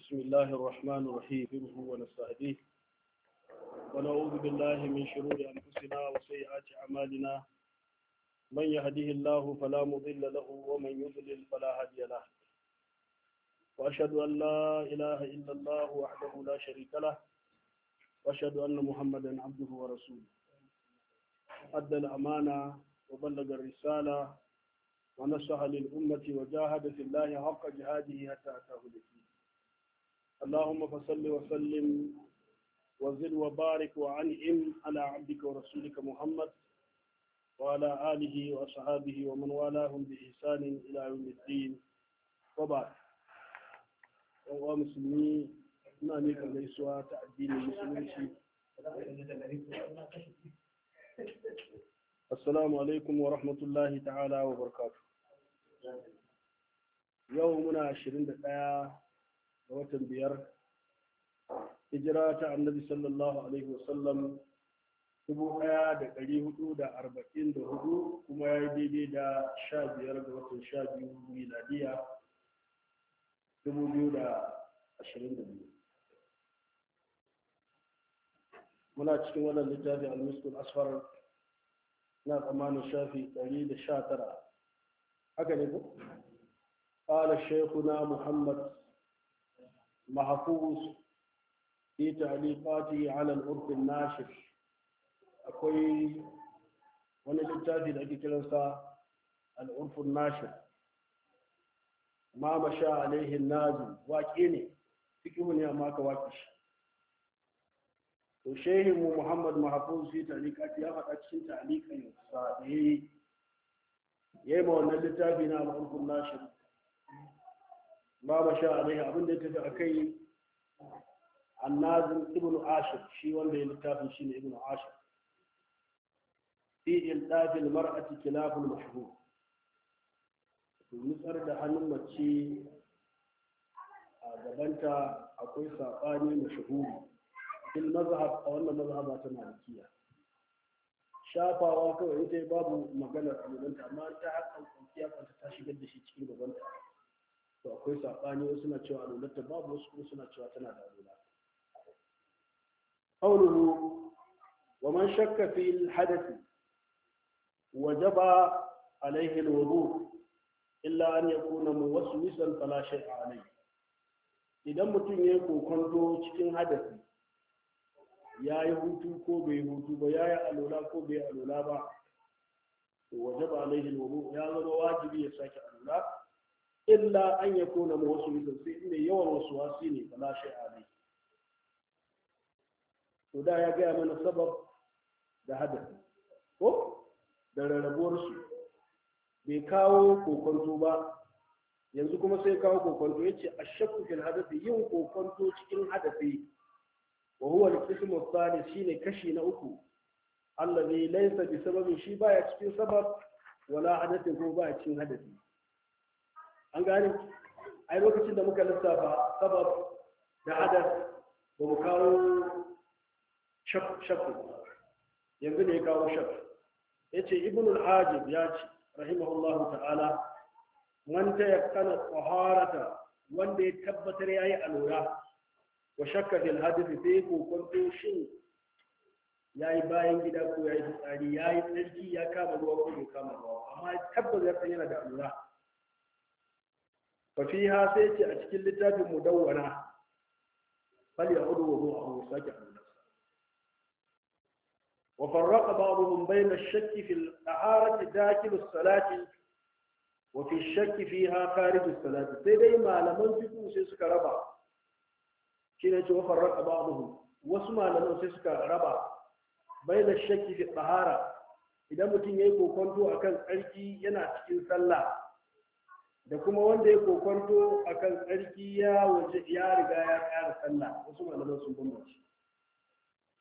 بسم الله الرحمن الرحيم ونستهديه ونعوذ بالله من شرور أنفسنا وسيئات أعمالنا من يهديه الله فلا مضل له ومن يضلل فلا هادي له وأشهد أن لا إله إلا الله وحده لا شريك له وأشهد أن محمدا عبده ورسوله أدى الأمانة وبلغ الرسالة ونصح للأمة وجاهد في الله حق جهاده حتى أتاه اليقين اللهم فصل وسلم وزد وبارك وعنئم على عبدك ورسولك محمد وعلى اله واصحابه ومن والاهم باحسان الى يوم الدين وبعد هو مسلمي ما ليك ليس تعدين مسلمي السلام عليكم ورحمة الله تعالى وبركاته يومنا 21 ga watan biyar hijira ta annabi sallallahu alaihi wasallam dubu ɗaya da ɗari hudu da arba'in da hudu kuma ya yi daidai da sha biyar ga watan sha biyu miladiya dubu biyu da ashirin da biyu muna cikin wannan littafin almiskul asfar na tsammanin shafi dari da sha tara haka ne ko قال شيخنا محمد محفوظ في تعليقاته على العرف الناشر akwai wani littafi da ake kiransa al'urfun nashin ma masha alaihin nazu waƙe ne fikihu ne amma ka waƙe shi to shehinmu muhammad mahafuz fi ta'liqat ya faɗa cikin ta'liqan sa da eh, yayi yayi ma wannan littafi na al'urfun nashin ma sha alaihi abin da ya tafi akai annazin ibn ashir shi wanda ya littafin shi ne ibn ashir fi a mar'ati lafin mahbub nutsar da hannun mace a gabanta akwai saɓani mashuhuri fil mazhab a wannan mazhaba ta malikiya shafawa kawai ita babu maganar alulanta amma ta hakan kwanciya kwanta ta shigar da shi cikin gabanta to akwai saɓani wasu na cewa alulatta babu wasu kuma suna cewa tana da alula qawluhu wa man shakka fi al-hadath wajaba alayhi wudu illa an yakuna muwaswisan fala shay'a alayhi idan mutum ya kokonto cikin hadasi ya yi hutu ko bai hutu ba ya yi alula ko bai alula ba wajaba alayhi wudu ya zama wajibi ya sake alula illa an ya kona mu wasu mutum sai inda yawan wasu wasi ne ba lashe ali to da ya gaya mana sabab da hadari ko da su bai kawo kokonto ba yanzu kuma sai kawo kokonto ya ce a shakku hadafi yin kokonto cikin hadafi wa huwa al-qismu shi shine kashi na uku allazi laysa bi sababin shi baya cikin sabab wala hadafi ko baya cikin hadafi an gane ai lokacin da muka lissafa sabab da adad ba mu kawo shafi yanzu ne ya kawo shafi ya ce ibn al-ajib ya ce rahimahullahu ta'ala man ta yakana tsaharata wanda ya tabbatar ya yi alura wa shakka fil hadisi sai ko shin ya yi bayan gida ko ya yi fitsari ya yi tsarki ya kama ruwa ko bai kama ruwa amma tabbas ya yana da alura fafiha sai ce a cikin littafin mudawwana fal ya'udu wa huwa abu saki wa farraqa ba'dhum bayna ash-shakki fil aharati dakil as-salati wa shakki fiha kharij as-salati sai dai malaman fiqh sai suka raba shine ce wa farraqa ba'dhum wasu malaman sai suka raba shakki idan mutum yayi kokonto akan tsarki yana cikin sallah da kuma wanda ya kokonto kan tsarki ya waje ya riga ya ƙara sallah wasu malaman sun bambance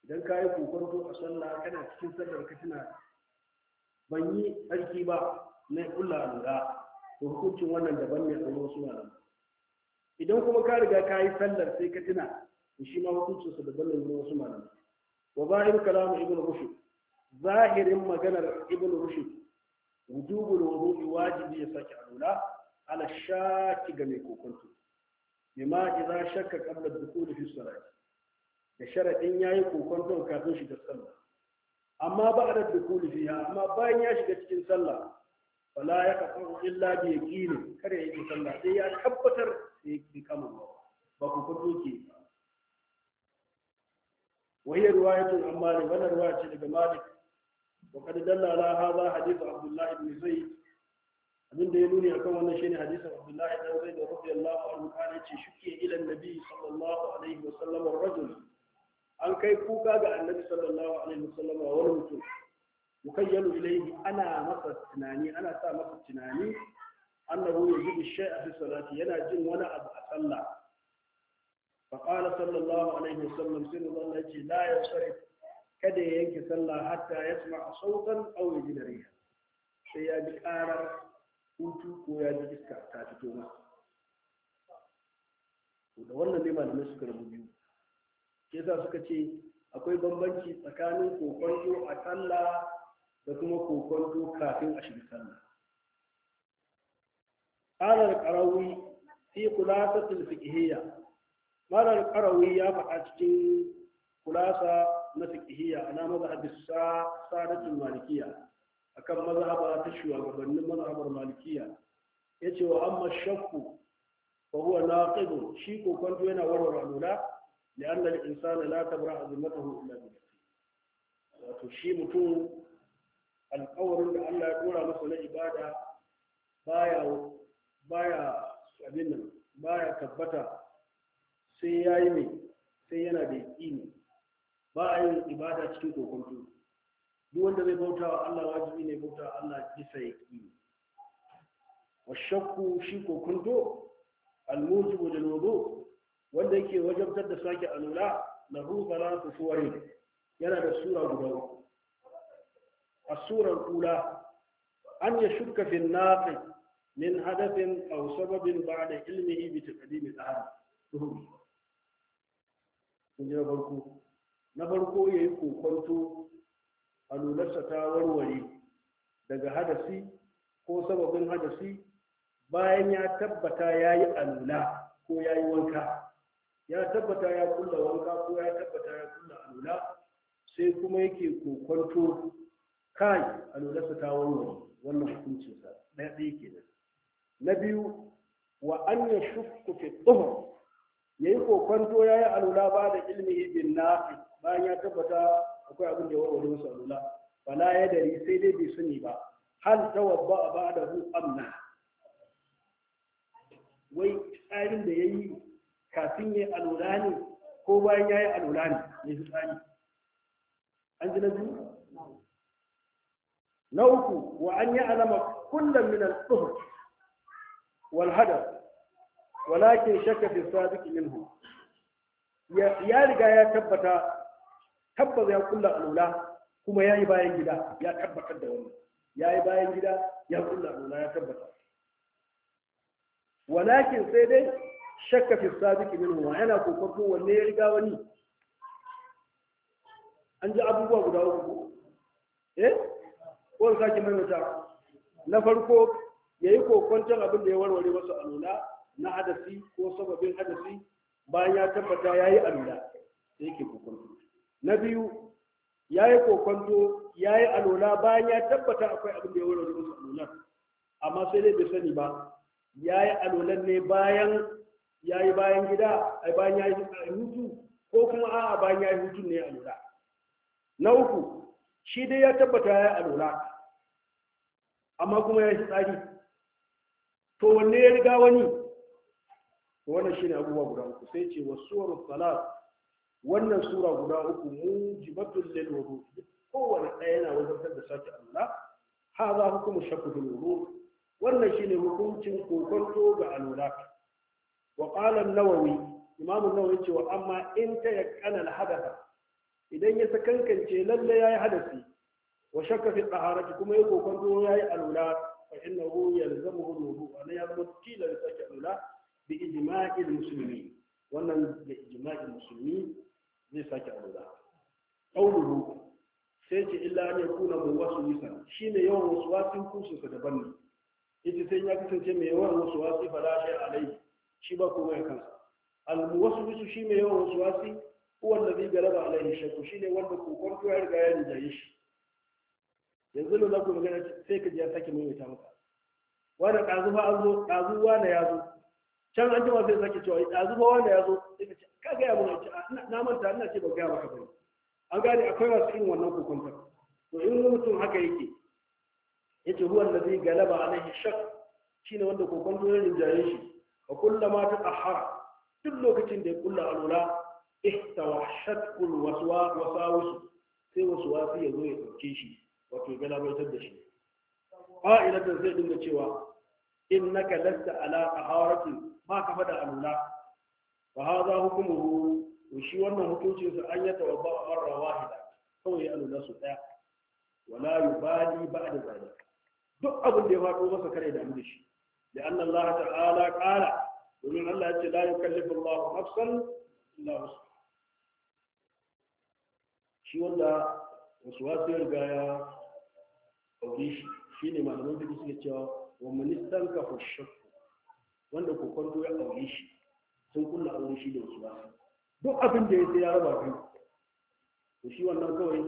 idan ka yi kokonto a sallah kana cikin sallar ka tana ban yi tsarki ba na kulla lura to hukuncin wannan daban ne a wasu malaman idan kuma ka riga ka yi sallar sai ka tuna to shi ma hukuncinsa daban ne a wasu malaman wa zahir kalamu ibnu rushd zahirin maganar ibnu rushd wujubul wudu'i wajibi ya saki lura. ala shaki ga mai kokonto bima idza shakka qabla dukhul fi salati da ya yayi kokonton kafin shiga sallah amma ba'da dukhul fiha amma bayan ya shiga cikin sallah wala ya kafaru illa bi yaqini kare ƙi sallah sai ya tabbatar da yake kama ba kokonto ke ke wa hiya riwayatun amma ne wannan riwaya ce daga Malik wa kad dalla ala hadha hadith Abdullahi ibn Zayd abin da ya nuni akan wannan shine hadisin Abdullahi dan Zaid radiyallahu anhu kana yace shuke ila annabi sallallahu alaihi wa sallam rajul an kai kuka ga annabi sallallahu alaihi wa sallam wani mutum mukayyalu ilayhi ana masa tunani ana sa masa tunani annahu yajibu shay'a fi salati yana jin wani abu a sallah fa qala sallallahu alaihi wa sallam sai Allah yace la yasrif kada ya yanke sallah hatta yasma'a sautan aw yajida riha sai ya bi karar hutu ko ya ji iska ta fito masa da wannan ne malamai suka rabu biyu ke za suka ce akwai bambanci tsakanin kokonto a talla da kuma kokonto kafin a shiga sallah qala al-qarawi fi khulasati fiqhiyya ya faɗa cikin kulasa na fiqhiyya ana mazhabi sa malikiyya akan mazhaba ta shugabannin mazhabar malikiya yace wa amma shakku fa huwa naqid shi ko kwanto yana warware alula lianna al-insana la tabra azmatahu illa bi wato shi mutum alƙawarin da Allah ya dora masa na ibada baya baya abin nan baya tabbata sai yayi mai sai yana da yaƙini ba a yin ibada cikin kokonto duk wanda zai bauta wa Allah wajibi ne bauta wa Allah bisa yaqini wa shakku shi ko kunto al-mujibu lil wanda yake wajabtar da sake alula na su suwari yana da sura guda uku kula, sura al an ya shukka an-naqi min hadafin aw sababin ba'da ilmihi bi taqdimi tahar tuhum kun na farko yayi kokonto alularsa ta warware daga hadasi ko sababin hadasi bayan ya tabbata ya yi alula ko ya yi wanka ya tabbata ya kulla wanka ko ya tabbata ya kulla alula sai kuma yake kokonto kai alularsa ta warware wannan hukuncinsa ɗaya ɗaya kenan na biyu wa an ya shukku fi ya yi kokonto ya yi alula ba da ilmihi bin nafi bayan ya tabbata akwai abin da ya warware musu alula fala ya dari sai dai bai sani ba hal tawabba ba da hu amna wai tsarin da ya yi kafin ya yi alula ne ko bayan ya yi alula ne ya fi tsari an ji na biyu na uku wa an yi alama kullum min al-tuhur wal hadar walakin shakka fi sadiq minhu ya riga ya tabbata tabbas ya kulla alula kuma ya yi bayan gida ya tabbatar da wannan ya yi bayan gida ya kulla alula ya tabbata walakin sai dai shakka fi sabiqi min wa yana kokarto wanne ya riga wani an ji abubuwa guda uku eh ko mai maimaita na farko yayi kokonton abin da ya warware wasu alula na hadasi ko sababin hadasi bayan ya tabbata yayi alula sai ke ko na biyu ya yi kokonto ya yi alola bayan ya tabbata akwai abin da ya warware musu alolan amma sai dai bai sani ba ya yi alolan ne bayan ya yi bayan gida a bayan ya yi hutu ko kuma a bayan ya yi hutu ne alola na uku shi dai ya tabbata ya yi alola amma kuma ya yi tsari to wanne ya riga wani wannan shine abubuwa guda uku sai ce wasu wa salat wannan sura guda uku jibatul lil wudu kowanne ɗaya yana wajabtar da sake ku hadha hukmu shakkul wudu wannan shine hukuncin kokonto ga alwala wa qala an-nawawi imamu an-nawawi cewa amma in ta yakana al-hadatha idan ya sakankance lalle yayi hadasi wa shakka fi taharati kuma ya kokonto yayi alwala fa innahu yalzamu al-wudu wa la yabqa kila sake alwala bi ijma'il muslimin wannan da ijma'in musulmi zai sake alwala qauluhu sai ce illa wasu nisa Shi ne yawan wasu kusu ka daban ne Ita sai ya kasance mai yawan wasu fara shi a alai shi ba kuma ya kansa wasu nisu shi mai yawan wasu waswasi huwa alladhi galaba alaihi shakku ne wanda kokon ya riga ya rijaye shi yanzu ne za ku magana sai ka ji ya sake maimaita maka wanda ɗazu fa an zo ɗazu na ya zo can an jima sai sake cewa ƙazuwa fa wanda ya zo sai ka ce ka gaya mun ce ah, na manta ina ce ba gaya maka bane an gane akwai wasu irin wannan kokonta to in mutum haka yake yace huwa allazi galaba alaihi shak shine wanda kokonta ya rinjaye shi fa kullama ta'ahhara duk lokacin da ya kulla alula ihtawa shatkul waswa wasawus sai waswasi ya zo ya dauke shi wato galabaitar da shi fa'ilatar zai dinga cewa in na lasta ala taharatin ba ka fada alula fa hadha hukmuhu to shi wannan hukuncin sa an yata wa marra wahida kawai ya lura su daya wala yubali ba'da zalik duk abin da ya faɗo masa kare da mu da shi da anna Allah ta'ala qala domin Allah ya ce la yukallifu Allah nafsan illa wus'aha shi wanda wasu wasu ya riga ya ɗauki shi shi ne malaman fiƙi suke cewa wa ministan ka fashe wanda ku kwanto ya ɗauki shi sun kulla wani shi da wasu ba duk abin da ya sai ya raba biyu to shi wannan kawai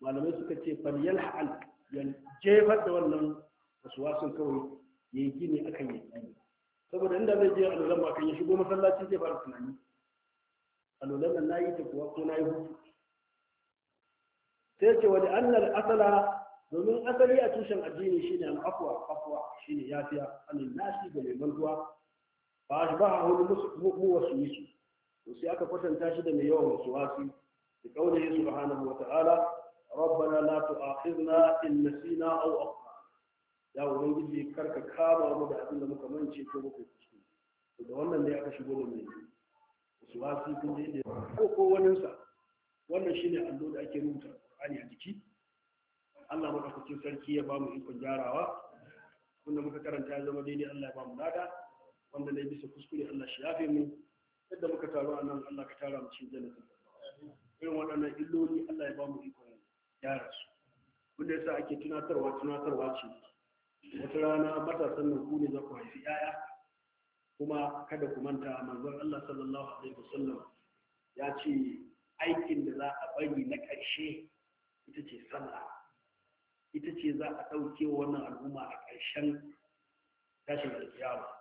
malamai suka ce fal yalhal ya jefar da wannan wasu kawai ya yi gini akan yi. gini saboda inda zai je alulan ba kan ya shigo masallaci zai fara tunani alulan nan nayi ta kuwa ko nayi hutu sai ce wani annar asala domin asali a tushen addini shine al'afwa afwa shine yafiya na nasi da mai mantuwa shi fa ashbahahu al-muwaswis to sai aka kwatanta shi da mai yawan wasu waswasi da kaulihi subhanahu wa ta'ala rabbana la tu'akhidna in nasina aw akhtana ya ubangiji karka kama mu da abin da muka mance ko muka kuskure to da wannan ne aka shigo da mai Wasu kun ji da ko ko wani sa wannan shine allo da ake rubuta Qur'ani a jiki Allah madaukakin sarki ya bamu ikon gyarawa wanda muka karanta ya zama daidai Allah ya bamu nada. wanda na bisa kuskure Allah shi yafe mu yadda muka taru a nan Allah ka tara mu cikin jannatin irin waɗannan illoli Allah ya ba mu ikon gyara su wanda yasa ake tunatarwa tunatarwa ce wata rana matasan nan ku ne za ku haifi 'ya'ya kuma kada ku manta manzon Allah sallallahu alaihi wasallam ya ce aikin da za a bari na ƙarshe ita ce sallah ita ce za a ɗauke wannan al'umma a ƙarshen tashin alƙiyama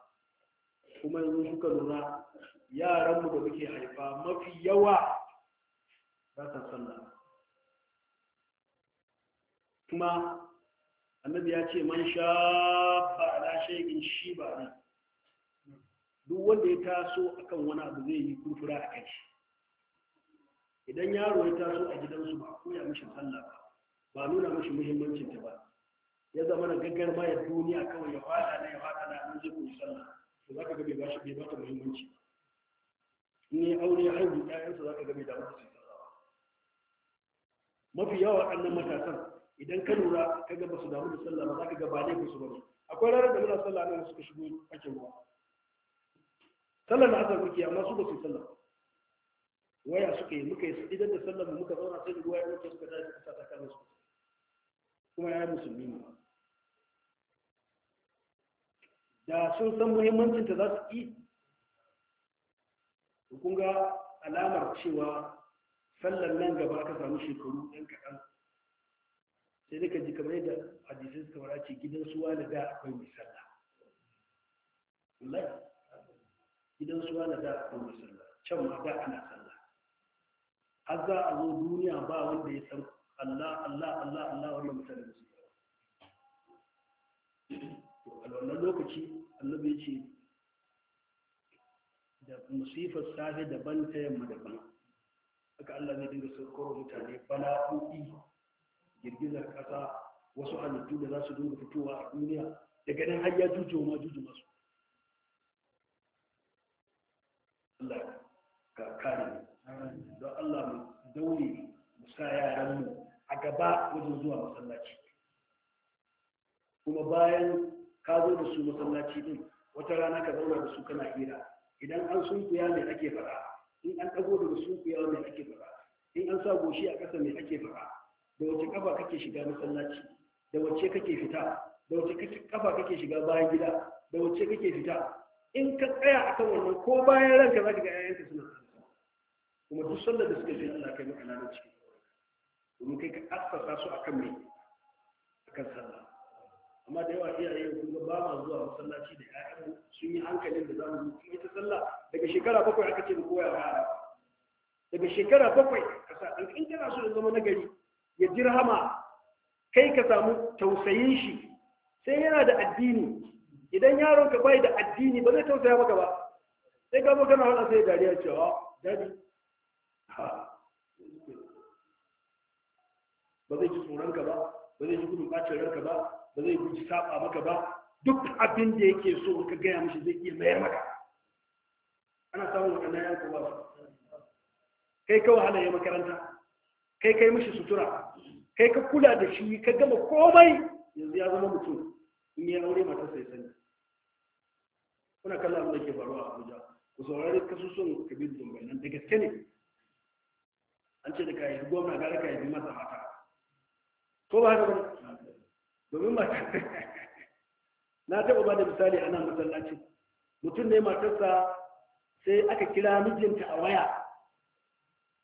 kuma yanzu suka lura yaranmu da muke haifa mafi yawa ba ta sallah kuma annabi ya ce man sha ba ala shay'in shi ba ne duk wanda ya taso akan wani abu zai yi kurfura a kai idan yaro ya taso a gidansu ba koya mishi sallah ba ba nuna mishi muhimmancin ta ba ya zama na gaggar ma ya duniya kawai ya fada na ya fada na an zai koyi sallah to za ka gabe bai ba ba ta muhimmanci ne aure ya haihu ƴaƴansa za ka gabe damu da sai mafi yawa annan matasan idan ka lura ka ga ba su damu da sallah ba za ka ga ba ne su ba ne akwai ranar da muna sallah nan suka shigo ake ruwa sallar na asar muke amma su ba su yi sallah waya suka yi muka yi idan da sallar muka zauna sai da ruwa ya wuce suka tashi suka sa ta kan su kuma ya yi musulmi ne da sun san muhimmancinta za su yi kun ga alamar cewa sallar nan gaba ka samu shekaru ɗan kaɗan sai dai ka ji kamar yadda hadisai suka wara ce gidan suwa na da akwai mai sallah wallahi gidan suwa na da akwai mai sallah can ma da ana sallah har za a zo duniya ba wanda ya san Allah Allah Allah Allah wannan mutane musulmi a wannan lokaci annabi ce da musifar safe daban ta yamma daban haka Allah zai dinga saukarwa mutane bala'o'i girgizar ƙasa wasu halittu da za su dinga fitowa a duniya daga nan har ya jujo ma jujo masu Allah ka kare don Allah mu daure mu sa yaran mu a gaba wajen zuwa masallaci kuma bayan ka zo da su masallaci din wata rana ka zauna da su kana hira idan an sunkuya mai ake fara in an dago daga sunkuya mai ake fara in an sa goshi a ƙasa mai ake fara da wace kafa kake shiga masallaci da wace kake fita da wace kafa kake shiga bayan gida da wace kake fita in ka tsaya a kan wannan ko bayan ranka za ka ga yayanka suna kuma duk sallar da suka yi Allah kai maka nan cikin domin kai ka assasa su akan me akan sallah amma da yawa iyaye sun ga ba ma zuwa masallaci da ƴaƴanmu sun yi hankalin da za mu yi kuma ita sallah daga shekara bakwai aka ce mu koya wa yara daga shekara bakwai ka sa ɗan in kana so ya zama nagari ya ji rahama kai ka samu tausayin shi sai yana da addini idan yaron ka bai da addini ba zai tausaya maka ba sai ka na hada sai dariya cewa ah, dadi ba zai ji tsoron ka ba ba zai ji gudun bacin ranka ba ba zai guji saba maka ba duk abin da yake so ka gaya mishi zai iya mayar maka ana samun waɗannan yan kowa kai ka wahala ya makaranta kai kai mishi sutura kai ka kula da shi ka gama komai yanzu ya zama mutum in ya aure mata sai sani kuna kallon abin da ke faruwa a abuja ku saurari kasusun kabir zumbai nan da gaske ne an ce da kayi gwamna gara kayi masa mata ko ba haka ba domin mata na taɓa ba da misali ana matsalaci mutum ne matarsa sai aka kira mijinta a waya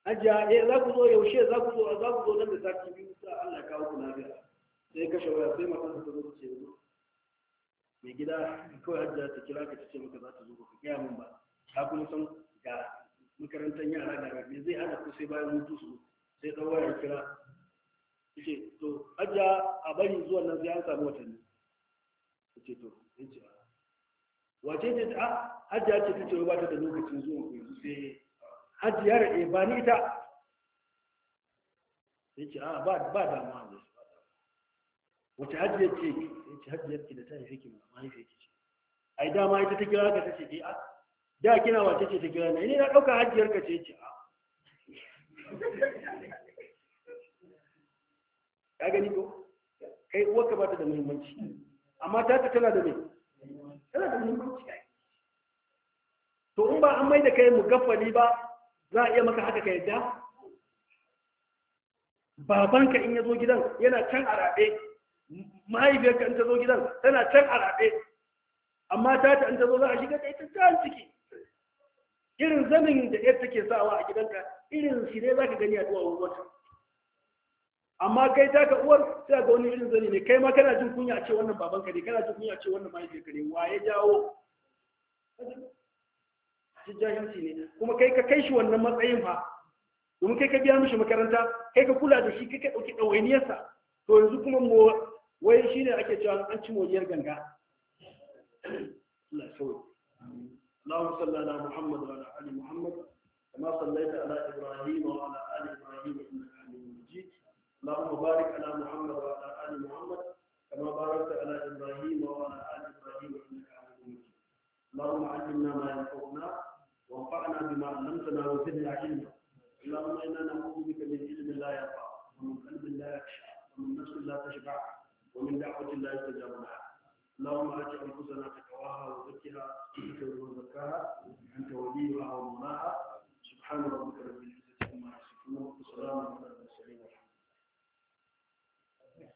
ajiya ya eh, za ku zo yaushe za ku zo za ku zo nan da ku biyu sa Allah ya kawo ku lafiya sai kashe waya sai matarsa ta zo ta ce zo mai gida kawai ajiya ta kira ka ta ce maka za ta zo ba ka gaya min ba ta kuma san ga makarantar yara da me zai hana ku sai bayan mutu su sai ɗan ya kira yace to hajja a bari zuwan nan sai an samu watanni yace to yace ah. wace ce ta hajja ah, ce ta ce ba ta da lokacin zuwa ku yanzu sai hajji ah, ya rade ba ni ita ce a ba ba ne wace hajji ce yace hajji ce da ta yi ki ma haife ki ai dama ita ta kira ka ta ce eh, a da kina wace ce ta kira na ni na dauka hajjiyar ka ce ce a ka gani ko kai uwa ka bata da muhimmanci amma ta ta tana da mai tana da muhimmanci ai to in ba an mai da kai mugaffali ba za a iya maka haka ka yadda babanka in ya zo gidan yana can a rabe ka in ta zo gidan tana can a rabe amma ta ta in ta zo za a shiga ta ita ta ciki irin zamin da yadda take sawa a gidanka irin shi ne za ka gani a duwawar wata amma kai ta ka uwar sai ga wani irin zani ne kai ma kana jin kunya a ce wannan baban ka ne kana jin kunya a ce wannan mahaifiyarka ne wa ya jawo shi jahilci ne kuma kai ka kai shi wannan matsayin fa domin kai ka biya mishi makaranta kai ka kula da shi kai ka dauki dawainiyarsa to yanzu kuma mo wai shi ne ake cewa an ci moriyar ganga Allah sauya اللهم صل Muhammad wa ala ali Muhammad kama sallaita ala Ibrahim وسمع علما